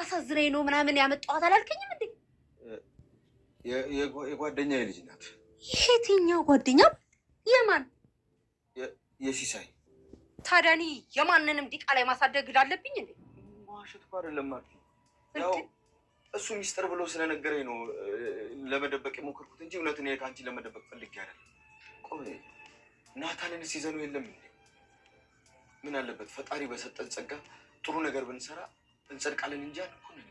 አሳዝናኝ ነው ምናምን ያመጣዋት አላልከኝም እንዴ? የጓደኛ ልጅ ናት። የትኛው ጓደኛ? የማን? የሲሳይ። ታዲያ እኔ የማንንም ዲቃ ላይ ማሳደግ ላለብኝ እንዴ? ማሸት እኮ አይደለም እሱ ሚስጥር ብሎ ስለነገረኝ ነው ለመደበቅ የሞከርኩት እንጂ እውነትን ከአንቺ ለመደበቅ ፈልጌ አይደለም። ቆይ ናታንን ሲዘኑ የለም ምን አለበት? ፈጣሪ በሰጠን ጸጋ ጥሩ ነገር ብንሰራ እንጸድቃለን እንጂ አንኮንን።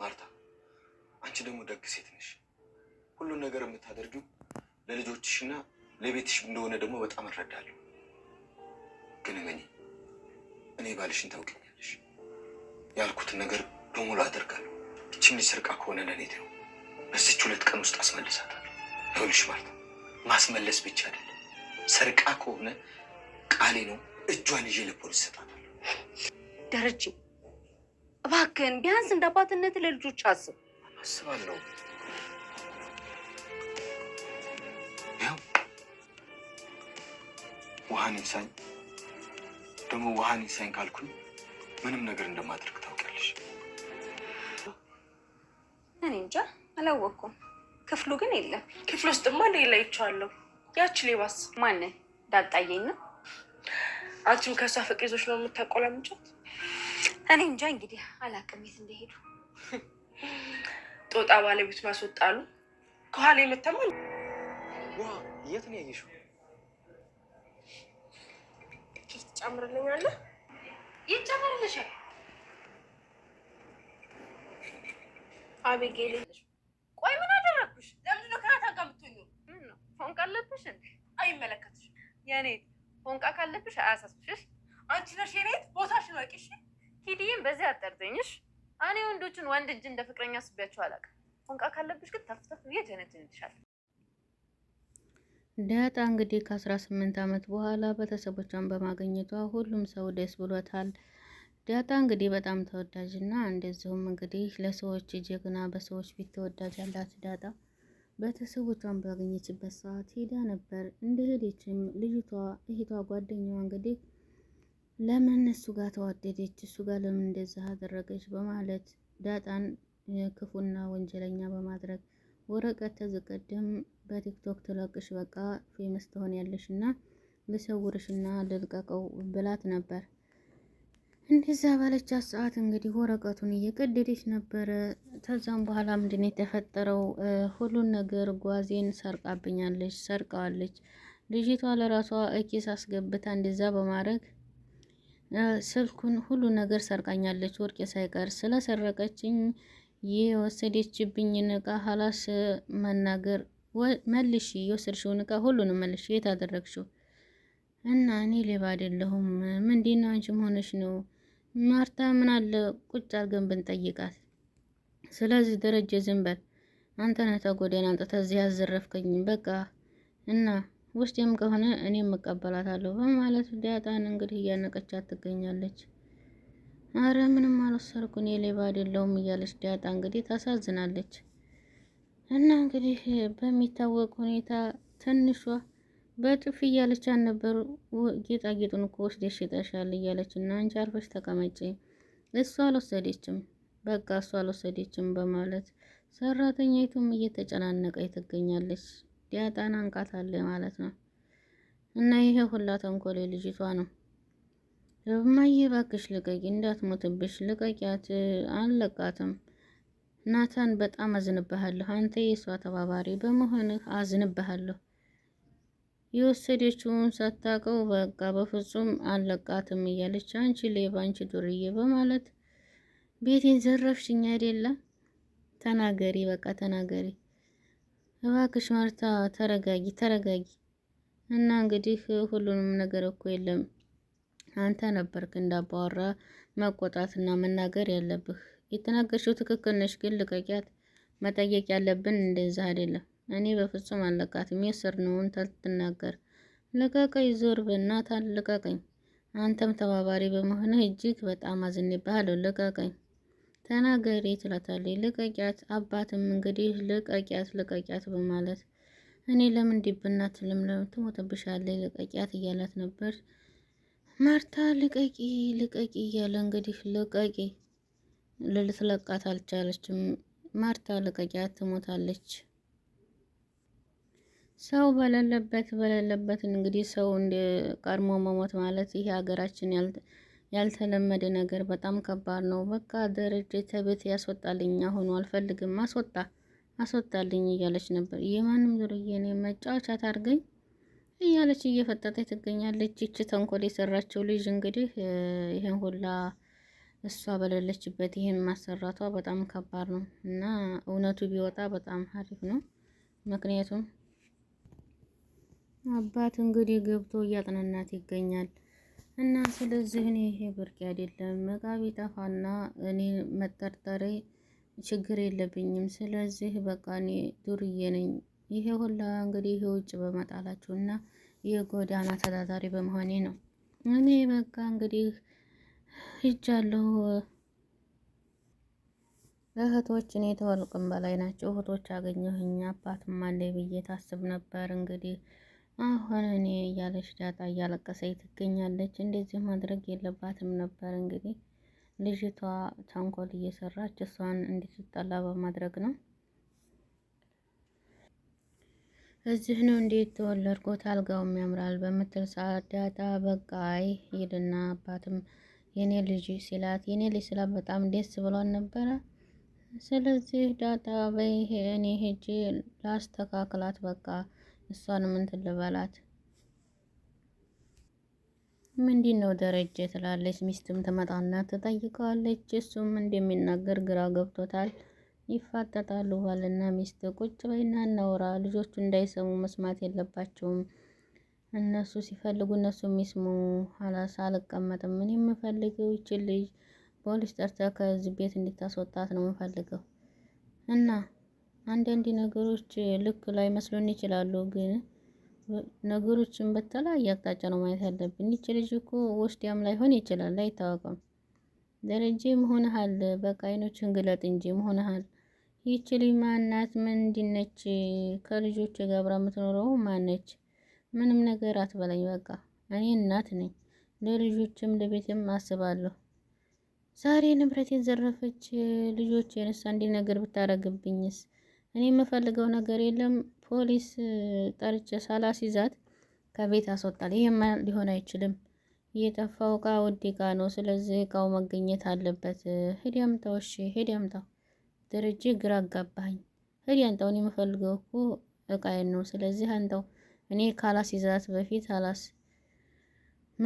ማርታ፣ አንቺ ደግሞ ደግ ሴት ነሽ። ሁሉን ነገር የምታደርጊው ለልጆችሽና ለቤትሽ እንደሆነ ደግሞ በጣም እረዳለሁ። ግን እመኚ፣ እኔ ባልሽን ታውቂኛለሽ። ያልኩትን ነገር በሙሉ አደርጋለሁ። እችን ልጅ ሰርቃ ከሆነ ለኔት ነው በስች ሁለት ቀን ውስጥ አስመልሳታለሁ። ይኸውልሽ ማርታ፣ ማስመለስ ብቻ አይደለም፣ ሰርቃ ከሆነ ቃሌ ነው እጇን ይዤ ለፖሊስ እሰጣታለሁ። ደረጀ እባክህን ቢያንስ እንደ አባትነት ለልጆች አስብ። አስባለሁ። ውሃን ይንሳኝ ደግሞ ውሃን ይንሳኝ ካልኩኝ ምንም ነገር እንደማድረግ ታውቂያለሽ። እኔ እንጃ አላወቅኩም። ክፍሉ ግን የለም። ክፍል ውስጥማ ሌላ ይቻለሁ። ያች ሌባስ ማንን? ነው? አንቺም ከእሷ ፍቅር ይዞች ነው የምታቆላምጫት እኔ እንጃ እንግዲህ አላውቅም የት እንደሄዱ። ጦጣ ባለቤት ማስወጣሉ ከኋላ የመተማ ዋ የት ነው ያየሽው? ትጨምርልኛለህ? ይጨምርልሻል። አቤጌል ቆይ ምን አደረግኩሽ? ለምንድነው ከናታ ጋር የምትሆኚው? ፎንቃ አለብሽ እንዴ? አይመለከትሽ። የኔት ፎንቃ ካለብሽ አያሳስብሽ። አንቺ ነሽ የኔት ቦታሽን ወቂሽ ኪድዬም በዚህ አጠርዘኝሽ። እኔ ወንዶችን ወንድ እጅ እንደ ፍቅረኛ አስቤያቸው አላውቅም። ፎንቃ ካለብሽ ግን ተፍተፍ ብዬ ጀነጅንልሻል። ዳጣ እንግዲህ ከአስራ ስምንት ዓመት በኋላ ቤተሰቦቿን በማግኘቷ ሁሉም ሰው ደስ ብሎታል። ዳጣ እንግዲህ በጣም ተወዳጅ ተወዳጅና እንደዚሁም እንግዲህ ለሰዎች ጀግና፣ በሰዎች ፊት ተወዳጅ አላት ዳጣ ቤተሰቦቿን ባገኘችበት ሰዓት ሄዳ ነበር። እንደ ሄደችም ልጅቷ እህቷ ጓደኛዋ እንግዲህ ለምን እሱ ጋር ተዋደደች፣ እሱ ጋር ለምን እንደዛ አደረገች በማለት ዳጣን ክፉና ወንጀለኛ በማድረግ ወረቀት ተዝቀደም በቲክቶክ ትለቅሽ በቃ ፌመስ ትሆን ያለሽ እና ልሰውርሽና ልልቀቀው ብላት ነበር። እንደዛ ባለቻት ሰዓት እንግዲህ ወረቀቱን እየቀደደች ነበረ። ከዛም በኋላ ምንድን የተፈጠረው ሁሉን ነገር ጓዜን ሰርቃብኛለች፣ ሰርቀዋለች። ልጅቷ ለራሷ እኪስ አስገብታ እንደዛ በማድረግ ስልኩን ሁሉ ነገር ሰርቃኛለች፣ ወርቄ ሳይቀር ስለሰረቀችኝ የወሰደችብኝን እቃ ሀላስ መናገር መልሽ፣ የወሰድሽውን እቃ ሁሉንም መልሽ፣ የት አደረግሽው? እና እኔ ሌባ አይደለሁም። ምንድን ነው አንቺም ሆነሽ ነው ማርታ፣ ምን አለ ቁጭ አድርገን ብንጠይቃት። ስለዚህ ደረጀ ዝም በል አንተ ነህ ተጎዳን እዚህ ያዘረፍከኝ በቃ እና ውስጤም ከሆነ እኔም እቀበላታለሁ በማለት ዳጣን እንግዲህ እያነቀቻት ትገኛለች። አረ ምንም አልወሰርኩ እኔ ሌባ አይደለሁም እያለች ዳጣ እንግዲህ ታሳዝናለች። እና እንግዲህ በሚታወቅ ሁኔታ ትንሿ በጥፍ እያለች አልነበሩ ጌጣጌጡን እኮ ወስደሽ ሽጠሻል እያለች እና አንቺ አርፈሽ ተቀመጪ እሷ አልወሰደችም በቃ እሷ አልወሰደችም በማለት ሰራተኛይቱም እየተጨናነቀች ትገኛለች። ዲያጣን አንቃታለ ማለት ነው። እና ይሄ ሁላ ተንኮሌ ልጅቷ ነው። እማዬ እባክሽ ልቀቂ፣ እንዳትሞትብሽ ልቀቂያት፣ አልለቃትም። ናታን በጣም አዝንብሃለሁ። አንተ የእሷ ተባባሪ በመሆንህ አዝንብሃለሁ። የወሰደችውን ሳታቀው በቃ በፍጹም አልለቃትም እያለች አንቺ ሌባ፣ አንቺ ዱርዬ በማለት ቤቴን ዘረፍሽኝ አይደለ? ተናገሪ፣ በቃ ተናገሪ። እባክሽ ማርታ ተረጋጊ ተረጋጊ። እና እንግዲህ ሁሉንም ነገር እኮ የለም አንተ ነበርክ እንዳባወራ መቆጣትና መናገር ያለብህ። የተናገርሽው ትክክል ነሽ፣ ግን ልቀቂያት። መጠየቅ ያለብን እንደዛ አይደለም። እኔ በፍጹም አለቃትም። የስር ነውን ተልትናገር ልቀቀኝ፣ ዞር በእናትህ ልቀቀኝ። አንተም ተባባሪ በመሆንህ እጅግ በጣም አዝኜብሃለሁ። ልቀቀኝ። ተናገሪ ትላታለች። ልቀቂያት፣ አባትም እንግዲህ ልቀቂያት፣ ልቀቂያት በማለት እኔ ለምን ዲብናት ልምለም ትሞትብሻለች፣ ልቀቂያት እያላት ነበር። ማርታ ልቀቂ፣ ልቀቂ እያለ እንግዲህ ልቀቂ ልትለቃት አልቻለችም። ማርታ ልቀቂያት፣ ትሞታለች። ሰው በሌለበት በሌለበት እንግዲህ ሰው እንደ ቀድሞ መሞት ማለት ይህ ሀገራችን ያል ያልተለመደ ነገር በጣም ከባድ ነው። በቃ ደረጀ ቤት ያስወጣልኝ፣ አሁኑ አልፈልግም፣ አስወጣ አስወጣልኝ እያለች ነበር። የማንም ዱርዬ እኔ መጫወቻ ታርገኝ እያለች እየፈጠጠች ትገኛለች። ይች ተንኮል የሰራችው ልጅ እንግዲህ ይህን ሁላ እሷ በሌለችበት ይህን ማሰራቷ በጣም ከባድ ነው እና እውነቱ ቢወጣ በጣም ሀሪፍ ነው። ምክንያቱም አባት እንግዲህ ገብቶ እያጥናናት ይገኛል። እና ስለዚህ እኔ ይሄ ብርቅ አይደለም እቃ ቢጠፋና እኔ መጠርጠሬ ችግር የለብኝም። ስለዚህ በቃ እኔ ዱርዬ ነኝ። ይሄ ሁላ እንግዲህ የውጭ በመጣላችሁ እና የጎዳና ተዳዳሪ በመሆኔ ነው። እኔ በቃ እንግዲህ ሂጃለሁ። እህቶች እኔ ተወልቅም በላይ ናቸው እህቶች አገኘሁኝ አባትም አለ ብዬ ታስብ ነበር እንግዲህ አሁን እኔ እያለች ዳጣ እያለቀሰች ትገኛለች። እንደዚህ ማድረግ የለባትም ነበር እንግዲህ ልጅቷ ተንኮል እየሰራች እሷን እንድትጠላ በማድረግ ነው። እዚህ ነው እንዴት ተወለድኩት አልጋውም ያምራል በምትል ሰዓት ዳጣ በቃ አይ ይልና አባትም የኔ ልጅ ሲላት የኔ ልጅ ሲላት በጣም ደስ ብሏን ነበረ። ስለዚህ ዳጣ በይ እኔ ሄጄ ላስተካክላት በቃ እሷንም እንትን ልበላት ምንድን ነው ደረጀ ትላለች። ሚስትም ትመጣና ትጠይቀዋለች። እሱም እንደሚናገር ግራ ገብቶታል። ይፋጠጣሉ። ባልና ሚስት ቁጭ በይና እናውራ፣ ልጆቹ እንዳይሰሙ መስማት የለባቸውም። እነሱ ሲፈልጉ እነሱ የሚስሙ አላሳ አልቀመጥም። ምን የምፈልገው ይችል ልጅ ፖሊስ ጠርተህ ከዚህ ቤት እንድታስወጣት ነው የምፈልገው እና አንዳንድ ነገሮች ልክ መስሎን ይችላሉ፣ ግን ነገሮችን በተለያየ አቅጣጫ ነው ማየት ያለብን። ይች ልጅ እኮ ወስዲያም ላይሆን ይችላል፣ አይታወቅም። ደረጀ መሆንሃል፣ በቃ አይኖችን ግለጥ እንጂ መሆንሃል። ይች ልጅ ማናት? ምንድነች? ከልጆች ጋር አብራ የምትኖረው ማነች? ምንም ነገር አትበለኝ። በቃ እኔ እናት ነኝ፣ ለልጆችም ለቤትም አስባለሁ። ዛሬ ንብረት የዘረፈች ልጆች የነሳ እንዲህ ነገር ብታረግብኝስ? እኔ የምፈልገው ነገር የለም። ፖሊስ ጠርቼ ሳላስይዛት ከቤት አስወጣል። ይሄማ ሊሆን አይችልም። የጠፋው እቃ ውድ እቃ ነው። ስለዚህ እቃው መገኘት አለበት። ሂድ ያምጣው። እሺ ሂድ ያምጣው። ደረጀ ግራ አጋባኝ። ሂድ ያምጣው። እኔ የምፈልገው እኮ እቃዬን ነው። ስለዚህ አንተው እኔ ካላስይዛት በፊት አላስ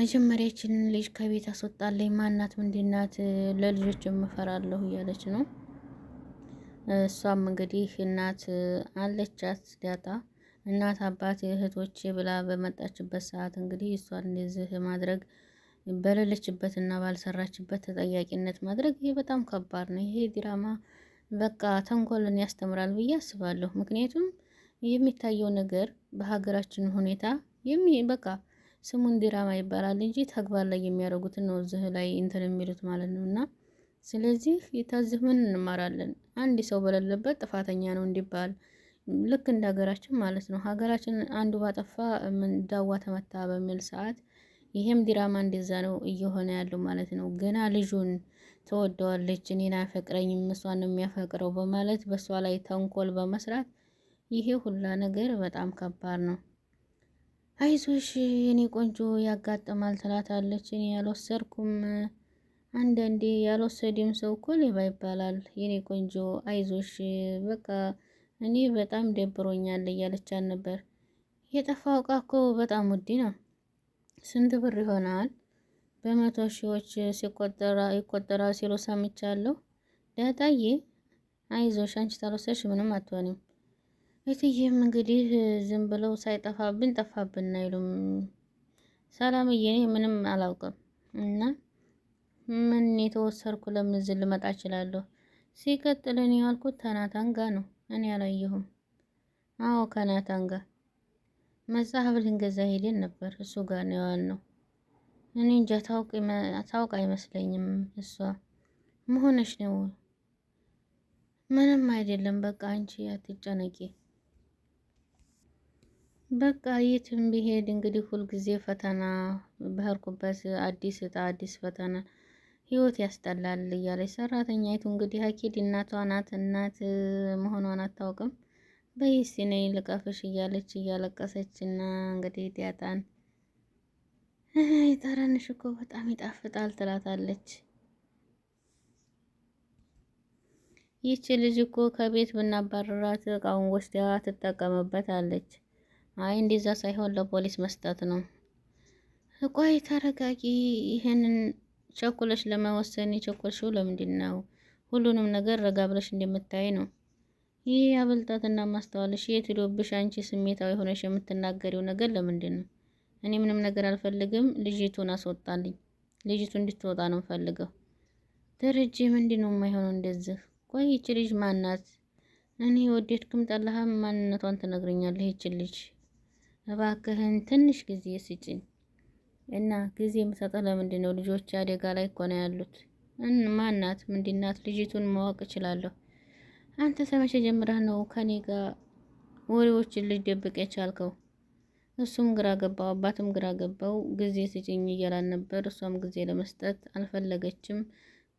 መጀመሪያችን ልጅ ከቤት አስወጣለኝ። ማናት? ምንድናት? ለልጆች የምፈራለሁ እያለች ነው እሷም እንግዲህ እናት አለቻት ዳጣ እናት አባት እህቶቼ ብላ በመጣችበት ሰዓት እንግዲህ እሷን እንደዚህ ማድረግ በሌለችበት እና ባልሰራችበት ተጠያቂነት ማድረግ ይሄ በጣም ከባድ ነው። ይሄ ዲራማ በቃ ተንኮልን ያስተምራል ብዬ አስባለሁ። ምክንያቱም የሚታየው ነገር በሀገራችን ሁኔታ የሚ በቃ ስሙን ዲራማ ይባላል እንጂ ተግባር ላይ የሚያደርጉትን ነው እዚህ ላይ እንትን የሚሉት ማለት ነው። እና ስለዚህ ከዚህ ምን እንማራለን? አንድ ሰው በሌለበት ጥፋተኛ ነው እንዲባል ልክ እንደ ሀገራችን ማለት ነው። ሀገራችን አንዱ ባጠፋ ዳዋ ተመታ በሚል ሰዓት ይሄም ዲራማ እንደዛ ነው እየሆነ ያለው ማለት ነው። ገና ልጁን ተወደዋለች፣ እኔን አያፈቅረኝም እሷን ነው የሚያፈቅረው በማለት በእሷ ላይ ተንኮል በመስራት ይሄ ሁላ ነገር በጣም ከባድ ነው። አይዞሽ የኔ ቆንጆ ያጋጥማል ትላታለች። እኔ ያልወሰድኩም አንዳንዴ ያልወሰደም ሰው እኮ ሌባ ይባላል። የኔ ቆንጆ አይዞሽ፣ በቃ እኔ በጣም ደብሮኛል እያለቻት ነበር። የጠፋው እቃ እኮ በጣም ውድ ነው። ስንት ብር ይሆናል? በመቶ ሺዎች ሲቆጠራ ይቆጠራል ሲሉ ሰምቻለሁ። ዳጣዬ አይዞሽ፣ አንቺ ታልወሰድሽ ምንም አትሆንም። እትዬም እንግዲህ ዝም ብለው ሳይጠፋብን ጠፋብን አይሉም። ሰላምዬ እኔ ምንም አላውቅም እና ምን የተወሰርኩ ለምን እዚህ ልመጣ እችላለሁ? ሲቀጥል እኔ ያልኩት ከናታን ጋ ነው። እኔ አላየሁም። አዎ ከናታን ጋ መጽሐፍ ልንገዛ ሄደን ነበር። እሱ ጋር ነው ያልነው። እኔ እንጃ ታውቅ አይመስለኝም። እሷ መሆነች ነው ምንም አይደለም። በቃ አንቺ አትጨነቂ። በቃ የትም ቢሄድ እንግዲህ ሁልጊዜ ፈተና በህርኩበት አዲስ እጣ አዲስ ፈተና ህይወት ያስጠላል እያለች ሰራተኛይቱ እንግዲህ አኪድ እናቷ ናት። እናት መሆኗን አታውቅም። በይስ ነይ ልቀፍሽ እያለች እያለቀሰች እና እንግዲህ ዲያጣን ጠረንሽ እኮ በጣም ይጣፍጣል ትላታለች። ይቺ ልጅ እኮ ከቤት ብናባረራት እቃውን ወስዳ ትጠቀምበታለች። አይ እንደዛ ሳይሆን ለፖሊስ መስጠት ነው። ቆይ ተረጋጊ፣ ይሄንን ቸኩለሽ ለመወሰን የቸኮልሽው ለምንድን ነው? ሁሉንም ነገር ረጋ ብለሽ እንደምታይ ነው። ይህ አበልጣትና ማስተዋልሽ የት ሄዶብሽ? አንቺ ስሜታዊ ሆነሽ የምትናገሪው ነገር ለምንድን ነው? እኔ ምንም ነገር አልፈልግም። ልጅቱን አስወጣልኝ። ልጅቱ እንድትወጣ ነው ፈልገው። ደረጀ ምንድን ነው የማይሆነው እንደዚህ? ቆይ ልጅ ማናት? እኔ ወደድክም ጠላህም ማንነቷን ትነግረኛለህ። ይቺ ልጅ እባክህን ትንሽ ጊዜ ስጭኝ። እና ጊዜ የምሰጠው ለምንድን ነው? ልጆች አደጋ ላይ እኮ ነው ያሉት። ማናት? ምንድናት? ልጅቱን ማወቅ እችላለሁ። አንተ ሰመሸ ጀምረህ ነው ከኔ ጋር ወሬዎችን ልደብቅ የቻልከው? እሱም ግራ ገባው፣ አባትም ግራ ገባው። ጊዜ ስጭኝ እያላን ነበር። እሷም ጊዜ ለመስጠት አልፈለገችም።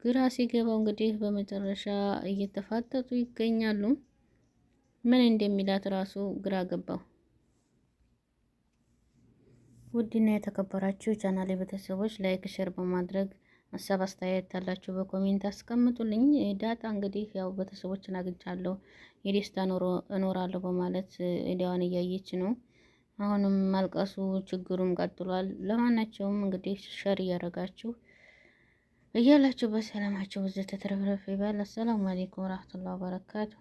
ግራ ሲገባው እንግዲህ በመጨረሻ እየተፋጠጡ ይገኛሉ። ምን እንደሚላት ራሱ ግራ ገባው። ውድና የተከበራችሁ ቻናል ቤተሰቦች ላይክ ሼር በማድረግ ሀሳብ አስተያየት ያላችሁ በኮሜንት አስቀምጡልኝ። ዳጣ እንግዲህ ያው ቤተሰቦችን አግኝቻለሁ የደስታ ኖሮ እኖራለሁ በማለት እዳዋን እያየች ነው። አሁንም ማልቀሱ ችግሩም ቀጥሏል። ለማናቸውም እንግዲህ ሸር እያደረጋችሁ እያላችሁ በሰላማችሁ ብዙ ተትረፍረፍ ይበል። አሰላሙ አሌይኩም ረህመቱላሂ ወበረካቱ